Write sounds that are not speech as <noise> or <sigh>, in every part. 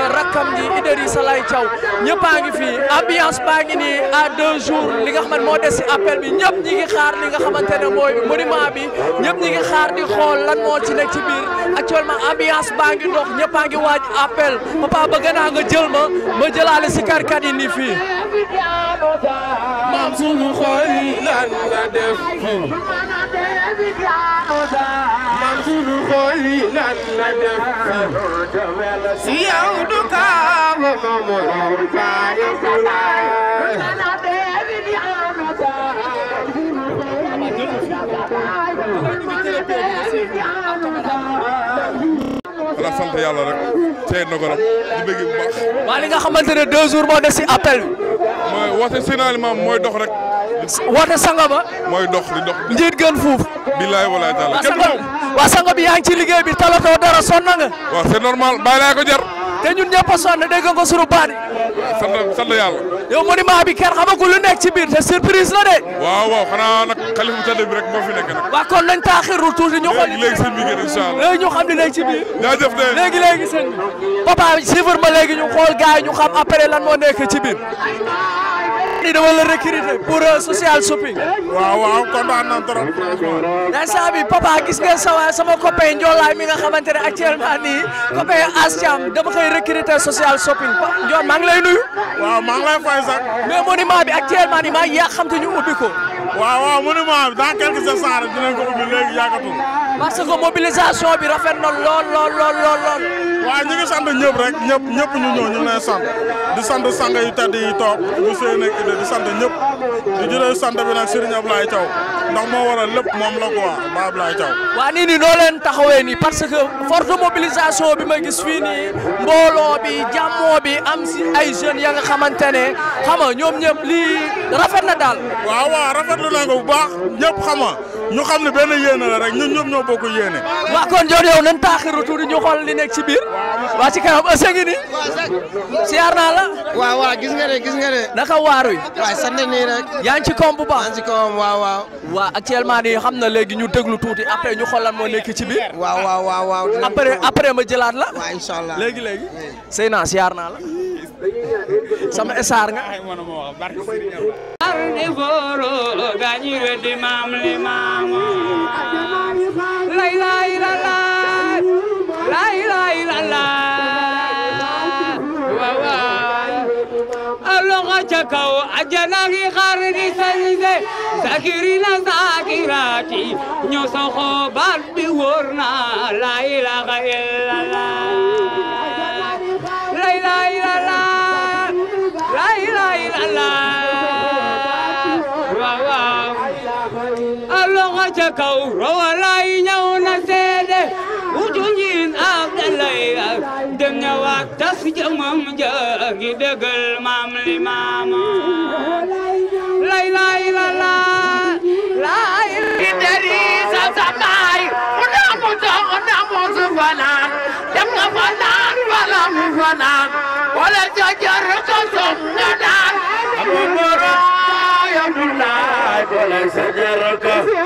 Rakam ji Idrissa Laye Thiaw ñëpp a ngi fii ambiance baa ngi nii deux jours li nga si appel bi ñëpp ñi ngi xaar li nga xamante ne monument bi ñi ngi xaar di xool lan moo ci nekk ci biir actuellement ambiance baa dox ñëpp a ngi appel papa bëgg nga jël ma ma jëlaale si karkat yi fi maam sunu xol lan nga def maam sunu xol lan nga def si yow du kaaw moomu kaayu kulaay voilà sant yàlla rek tey na ko rek di bëgg bu baax. waa li nga xamante ne deux jours moo des si appel bi. mooy woote signalement mooy dox rek. woote sanga ba. mooy dox di dox. njiit gën fuuf. billaay walaay taala kenn du sanga bi yaa ngi ci liggéey bi talatoo dara sonn nga. waaw c'est normal bàyyi laa ko jar. te ñun ñëpp a sonn dégg nga ko sunu baat yi. sant sant yàlla. yow monument bi kenn xamagul lu nekk ci biir te surprise la de. waaw waaw xanaa nag xalifu tëdd bi rek moo fi nekk nag. waaw kon nañ taaxirul tuuti ñu. xool léegi sëñ bi ngeen incha allah léegi ñu xam li nekk ci biir. jaajëf de léegi léegi sëñ bi. ni dama la recruter pour euh, social shopping. waaw waaw kontaan na trop. instant bi papa gis nga sama sama copain Ndiolaay mi nga xamante ne actuellement nii copain Asiam dama koy recruter social shopping Ndiol maa ngi lay waaw maa ngi lay fay sax. mais monument bi actuellement nii maa yaa xam te waaw waaw monument bi dans quelques instants dinañ ko ubbi léegi yàggatul. parce bi rafet na lool lool lool lool. waaye ñu ngi sant ñëpp rek ñëpp ñëpp ñu ñëw ñu ngi lay sant di sant sang yu tedd yi toog bu seen ak di sant ñëpp di jëlee sant bi nag Serigne Ablaye Thiaw ndax moo lépp moom la ko waa ba Ablaye waa nii nii noo leen taxawee nii que forte bi ma gis fii nii mbooloo bi jàmmoo bi am si ay jeunes ya nga xamante ne ñoom ñëpp lii rafet na daal waaw waaw rafetlu na ko bu ñu xam ne benn yéene la rek ñun ñëpp ñoo bokk yéene. waaw kon jooju yow nañ taaxiru tuuti ñu xool li nekk ci biir. waa ci kanam a ngi ni. siyaar naa la. waaw waaw gis nga ne gis nga ne. naka waaru yi. waay sant ci koom bu baax. yaa ci koom waaw waaw. waa actuellement nii xam na léegi ñu déglu tuuti après ñu xoolal moo nekk ci biir. waaw waaw waaw waaw. après après ma jëlaat la. waaw allah léegi léegi. sëy naa siyaar naa la. sama esaar nga. di góoro gaañi weddi maam li maamu lay lay la la lay lay la la waawaaw a loxo ca kaw ajana ngi xaar di sañse zakirina zakirati ñoo soxo baat bi wóor na lay la la ca kaw rawalaay ñëw na seede wu junjin ak dalay dem ñëwaat tas jëmam ja ngi dëggal maam li maama lay lay la la lay i dari sa sa baay mu naamu toog naamu su fanaan dem nga fanaan wala mu fanaan wala laay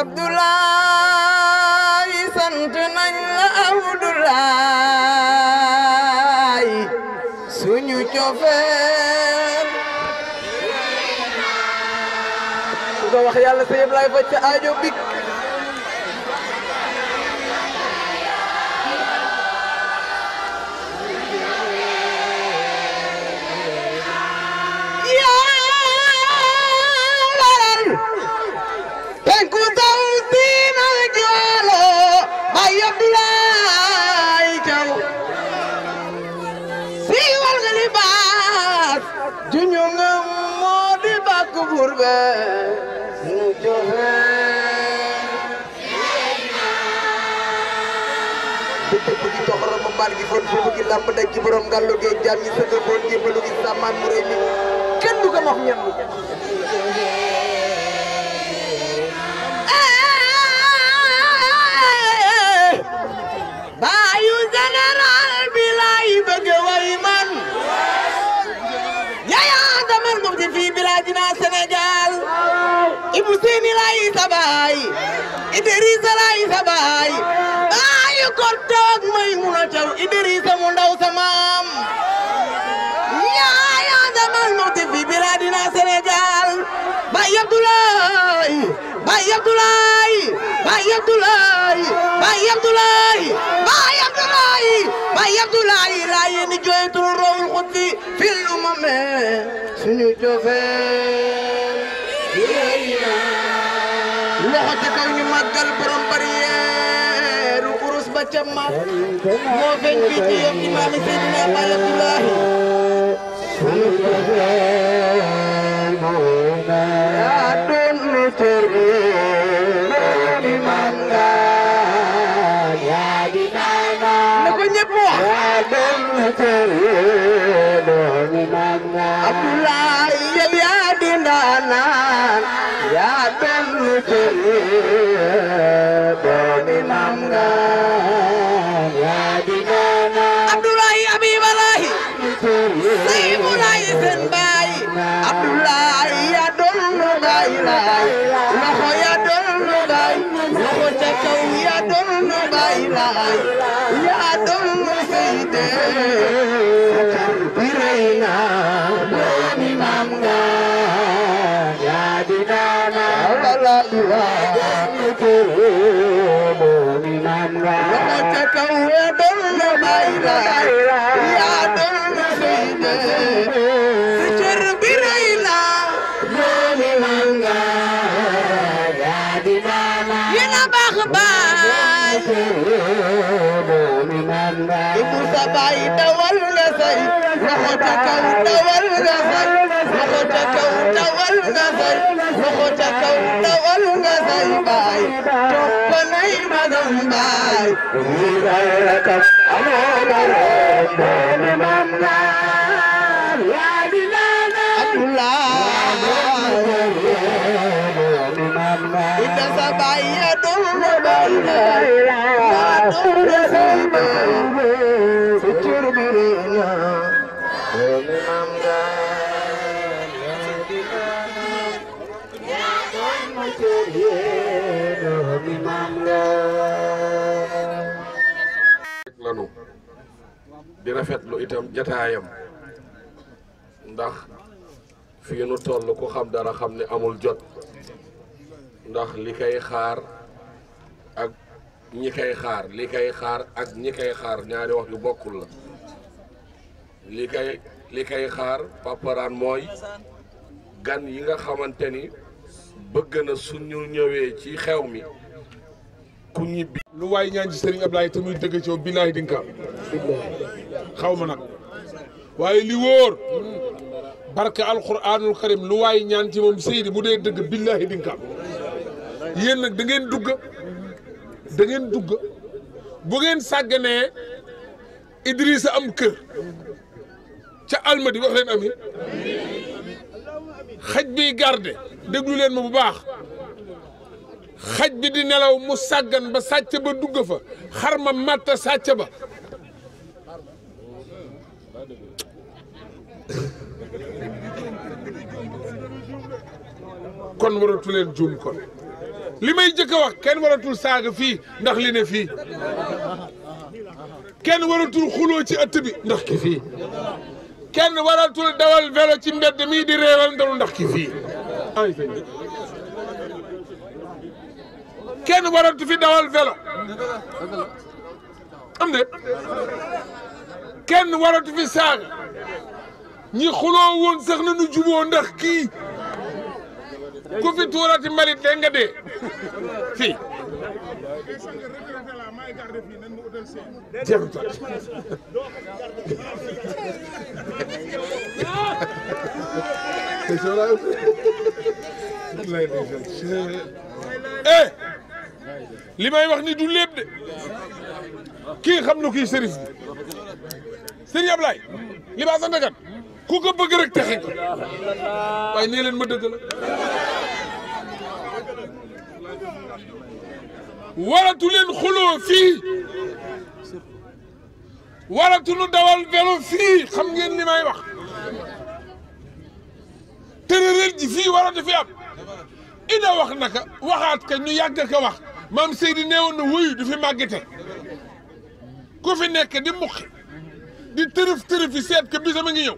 Abdoulaye sant la Abdoulaye suñu cofeel nga wax bal gi fon fon gi lamb daj borom gàllu gi jam yi sa fon gi balu gi sàmmaan mu rëy mi du ko wax ñam bi laay bëgg way man yayaa ngum ci Ibou kontaan may mun a jaw Idrissa mu ndaw sa maam ñaaya zaman mu ti fi biladina Sénégal Baye Abdoulaye Baye Abdoulaye Baye Abdoulaye Baye Abdoulaye Baye Abdoulaye Baye Abdoulaye raye ni joytul rawul xutbi fil umame suñu jofee loxo ci kaw ñu màggal borom bari Temmal moo feeñ fii ci yéen imaam Seydina Baye Abdoulahi yaa dunni cër bi ni man nga yaa di nana na ko ñëpp wax yaa dunni cër bi ni man nga Abdoulahi naan yaa benn jëlee doomi maam nga yaa di ñaanal. Abdoulaye Habib Alahi. Seydou seen baay. Abdoulaye ya doon lu gaay laay. loxo ya doon lu gaay. loxo ca kaw ya doon lu gaay laay. yaa doon lu seydee. আমরা মমিন আমরা চাকাউয়ে দল্ল মাইরা ইয়া দল্ল বেইনে চর বিরাইলা মমিন আমরা ইয়া দিবানা ইলা বাখবা মমিন আমরা ইবু সাবাই দওল সাই রহতা কাউ দওল সাই தொப்பனை மதம் தாய் di rafetlu itam jataayam ndax fii nu toll ku xam dara xam ne amul jot ndax li kay xaar ak ñi kay xaar li kay xaar ak ñi kay xaar ñaari wax yu bokkul la li kay li kay xaar paparaan mooy gan yi nga xamante ni bëgg na suñu ñëwee ci xew mi ku ñibbi lu waay ñaan ci Serigne Ablaye te muy dëgg ci binaay dinga xaw ma nag waaye li wóor barke alquranul karim lu waay ñaan ci moom Seydi bu dee dëgg billahi di nga am yéen nag da ngeen dugg da ngeen dugg bu ngeen sàgganee Idrissa am kër ca almadi wax leen ami xaj bi garde déglu leen ma bu baax xaj bi di nelaw mu sàggan ba sàcc ba dugg fa xar ma matta sàcc ba kon waratu leen juum kon li may njëkk a wax kenn waratul saaga fii ndax li ne fii kenn waratul xuloo ci ëtt bi ndax ki fii kenn waratul dawal vélo ci mbedd mii di réewal ndalu ndax ki fii kenn waratu fi dawal vélo am de kenn waratu fi saaga ñi xuloo woon sax na nu juboo ndax kii ku fi tuurati mbalit de nga dee fii jarul toj eh li may wax ni du lépp de kii xam na kii sërif bi sëriñ Ablaye li ba sant kat ku ko bëgg rek texe ko waaye nii leen ma dëgg la ولا تولي الخلو في ولا تولي دوال فيلو في خم جين ما يبغ تريل دي في ولا دي فيام إلا وقت نك وقت كن يعك نك وقت ما مسير نيو نوي دي في ماجته كوفي نك دي مخ دي ترف ترف في سيد كبيزة من يوم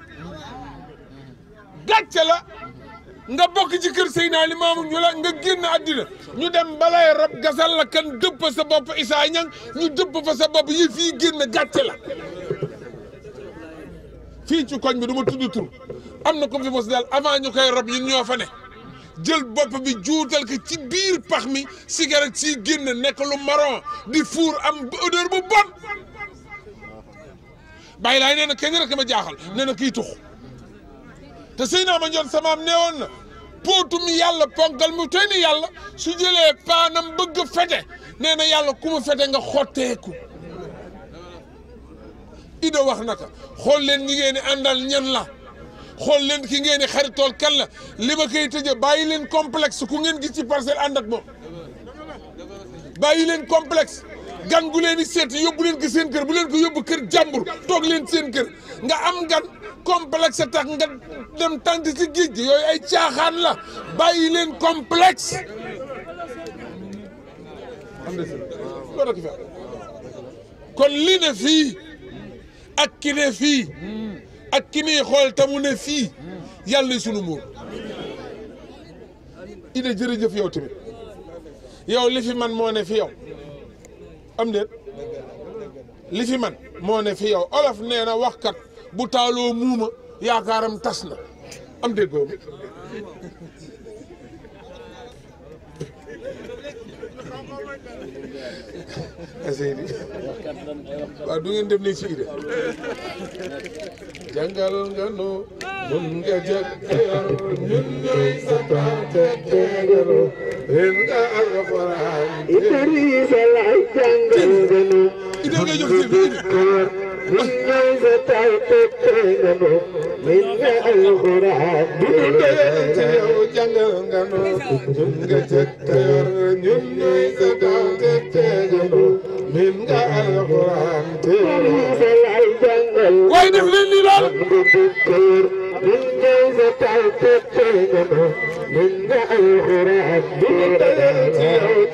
قتلا nga bokk ci kër Seydina Limaamu ñu la nga génn àddina ñu dem balay rab gasal la kan dëpp sa bopp Issa Niang ñu dëpp fa sa bopp yi fii génn gàcce la fii ci koñ bi du tudd tur am na ko fi mos daal avant ñu koy rob ñun ñoo fa ne jël bopp bi juutal ko ci biir pax mi cigarette si génn nekk lu marron di fuur am odeur bu bon bàyyi laay nee na kenn rek ma jaaxal nee na kii tux te Seydina Mandione samaam neewoon na póotum yàlla ponkal mu tey yàlla su jëlee paanam bëgg fete nee na yàlla ku mu fete nga xotteeku Ido wax na ko xool leen ñi ngeen di àndal ñan la xool leen ki ngeen di xaritool kan la li ma koy tëjee bàyyi leen complexe ku ngeen gis ci parcelle ànd ak moom bàyyi leen complexe gan gu leen di seet yóbbu leen ki seen kër bu leen ko yóbbu kër jàmbur toog leen seen kër nga am gan complexe tax nga dem tànt si géej gi yooyu ay caaxaan la bàyyi leen complexe kon li ne fii ak ki ne fii ak ki muy xool tamu ne fii yàlla sunu muur ide jërëjëf yow tamit yow li fi man moo ne fi yow am déet li fi man moo ne fi yow olof nee na waxkat bu taaloo muuma yaakaaram tas na am déggoo Seydi waaw du ngeen def ne ci nga nu nun nga jàkkaar ñun ñooy sa tante tegalu nga alxuraan Idrissa la منا زتايت تنغنو منا الغراب دندت يو جنغنو دندت يور ننا زتايت تنغنو منا الغراب دندت يو جنغنو وين فلني لال منا زتايت تنغنو منا الغراب دندت يو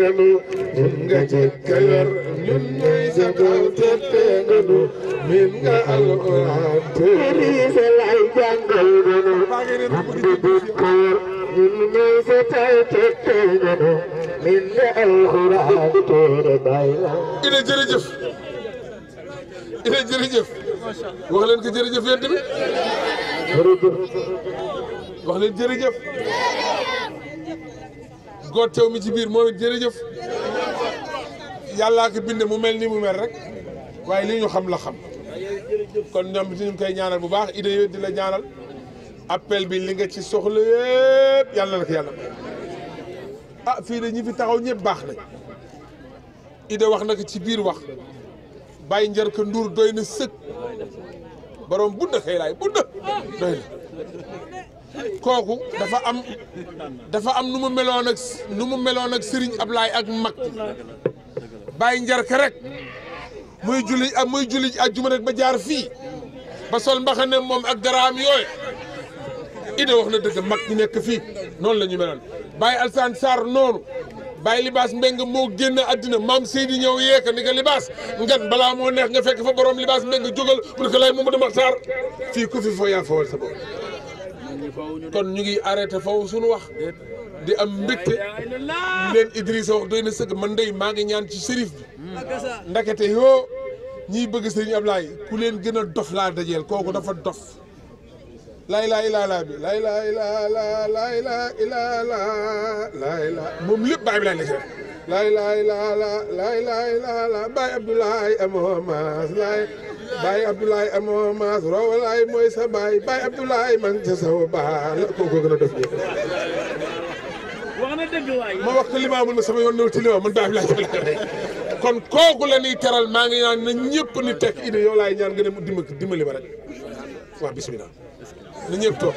جنغنو دندت يور ننا jagal tette nga nu min nga alquran teri nu rabbi bin kawar min ngay sa tay tette nga nu min nga ina jërëjëf ina wax leen ko jërëjëf yéen tamit mi ci biir moom it jërëjëf yàllaa ko bind mu mel ni mu mel rek waaye li ñu xam la xam kon ñoom ñu koy ñaanal bu baax idée yooyu di la ñaanal appel bi li nga ci soxla yëpp yàlla na yàlla ah fii de ñi fi taxaw ñépp baax nañ idée wax na ci biir wax bàyyi njar ko nduur doy na sëkk borom bunda kay laay kooku dafa am dafa am nu mu meloon ak nu mu meloon ak Serigne Ablaye mag bàyyi njarke rek muy julli ak muy julli ajjuma rek ba jaar fii ba sol mbaxane moom ak daraam yooyu Ida wax na dëgg mag ñi nekk fii noonu la ñu meloon bàyyi Alsaan Sarr noonu bàyyi libaas mbeng moo génn àddina maam Seydi ñëw yeeka ni nga libaas ngan balaa moo neex nga fekk fa borom libaas mbeng jógal pour que lay Mamadou Makhtar fii ku fi foo yaa fawal sa bopp kon ñu ngi arrêté faw suñu wax di am mbégte leen Idrissa wax doy na sëgg man dey maa ngi ñaan ci sërif bi ndakete yoo ñiy bëgg sëriñ Ablaye ku leen gën a dof laa dajeel kooku dafa dof lay laa ilaa laa bi lay laa ilaa laa laa baay bi lay lekk lay laa ilaa laa laa baay Abdoulaye amoo laay baay sa baay baay la kooku gën a dof ñëpp wax na dëgg ma wax ko limaa na sama yoon ñëw ci limaa man baax laa jàll kon kooku la ñuy teral maa ngi ñaan na ñëpp ni tek idée yow laay ñaan nga dem dimbali dimbali ba rek waaw bisimilah na ñëpp toog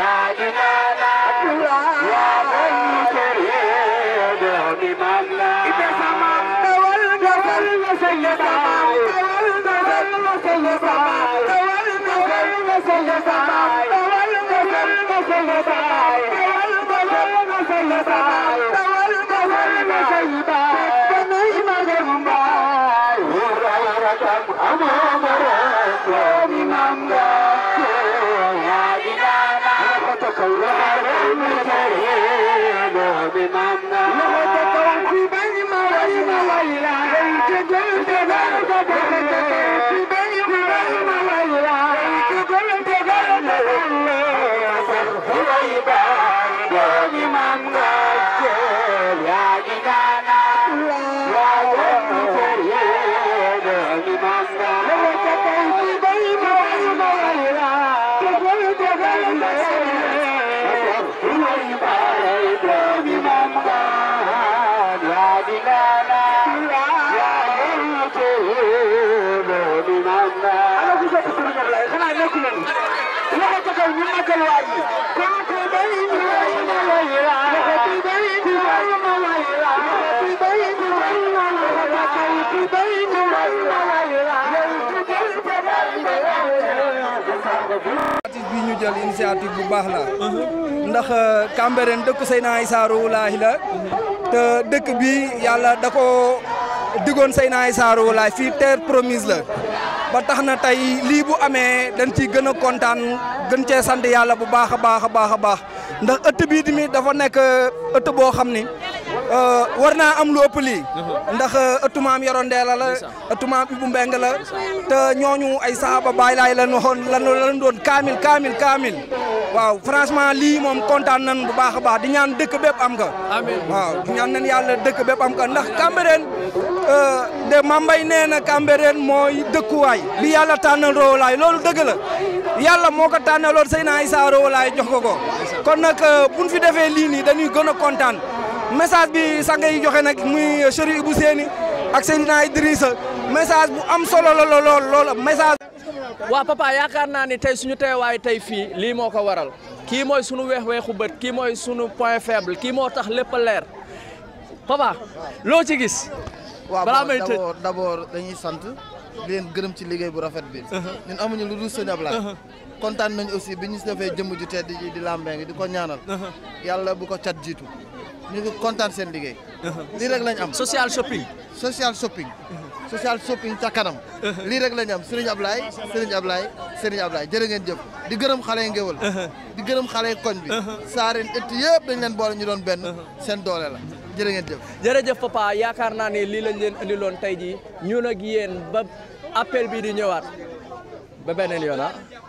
yeah, initiative ñu jël initiative bu baax la uh-huh. ndax euh, Cambérène dëkk Seydina Issa Rouhou Lahi la uh-huh. te dëkk bi yàlla da ko digoon Seydina Issa Rouhou Lahi fii terre promise la ba tax na tey lii bu amee dañ ciy gën a kontaan gën cee sant yàlla bu baax a baax a baax a baax ndax ëtt bii tamit dafa nekk ëtt boo xam ni Euh, war naa am lu ëpp lii mhm. ndax euh, ëttu maam Yoro Ndeela la ëttu maam Ibou Mbeng la te ñooñu ay saaba baay laay lan waxoon lan lan doon kaamil kaamil kaamil waaw franchement lii moom kontaan nan bu baax a baax di ñaan dëkk bépp am nga waaw di ñaan nan yàlla dëkk bépp am nga ndax Cambérène euh, de mambay nee na Cambérène mooy dëkkuwaay bi yàlla tànnal roowalaay loolu dëgg la yàlla moo ko tànnaloon Seydina Issa roowalaay jox ko ko kon nag buñ fi defee lii nii dañuy gën a kontaan message bi sang yi joxe nag muy Chérif Ibou Séni ak Seydina Idrissa message bu am solo la lool lool message. waa papa yaakaar naa ni tey suñu teewaay tey fii lii moo ko waral kii mooy sunu weex weexu bët kii mooy sunu point faible kii moo tax lépp leer papa loo ci gis. balaa may tëj waaw d'abord dañuy sant di gërëm ci liggéey bu rafet bi. Uh-huh. ñun amuñu lu dul sëñ Ablaye. Uh-huh. kontaan nañu aussi bi ñu defee jëmm ju tedd ji di làmbee ngi di ko ñaanal. Uh-huh. yàlla bu ko cat jiitu. ñu ngi kontaan seen liggéey. <laughs> lii rek lañ am. social shopping. social shopping. <laughs> social shopping ca kanam. <laughs> lii rek lañ am Serigne Ablaye Serigne Ablaye Serigne Ablaye jërë ngeen jëf di gërëm xale yi di gërëm xale yi koñ bi. saareen ëtt yëpp dañ leen boole ñu doon benn seen doole la. jërë ngeen jëf jërëjëf papa yaakaar naa ne lii lañ leen indiloon tey jii ñun ak yéen ba appel bi di ñëwaat ba beneen yoon ah.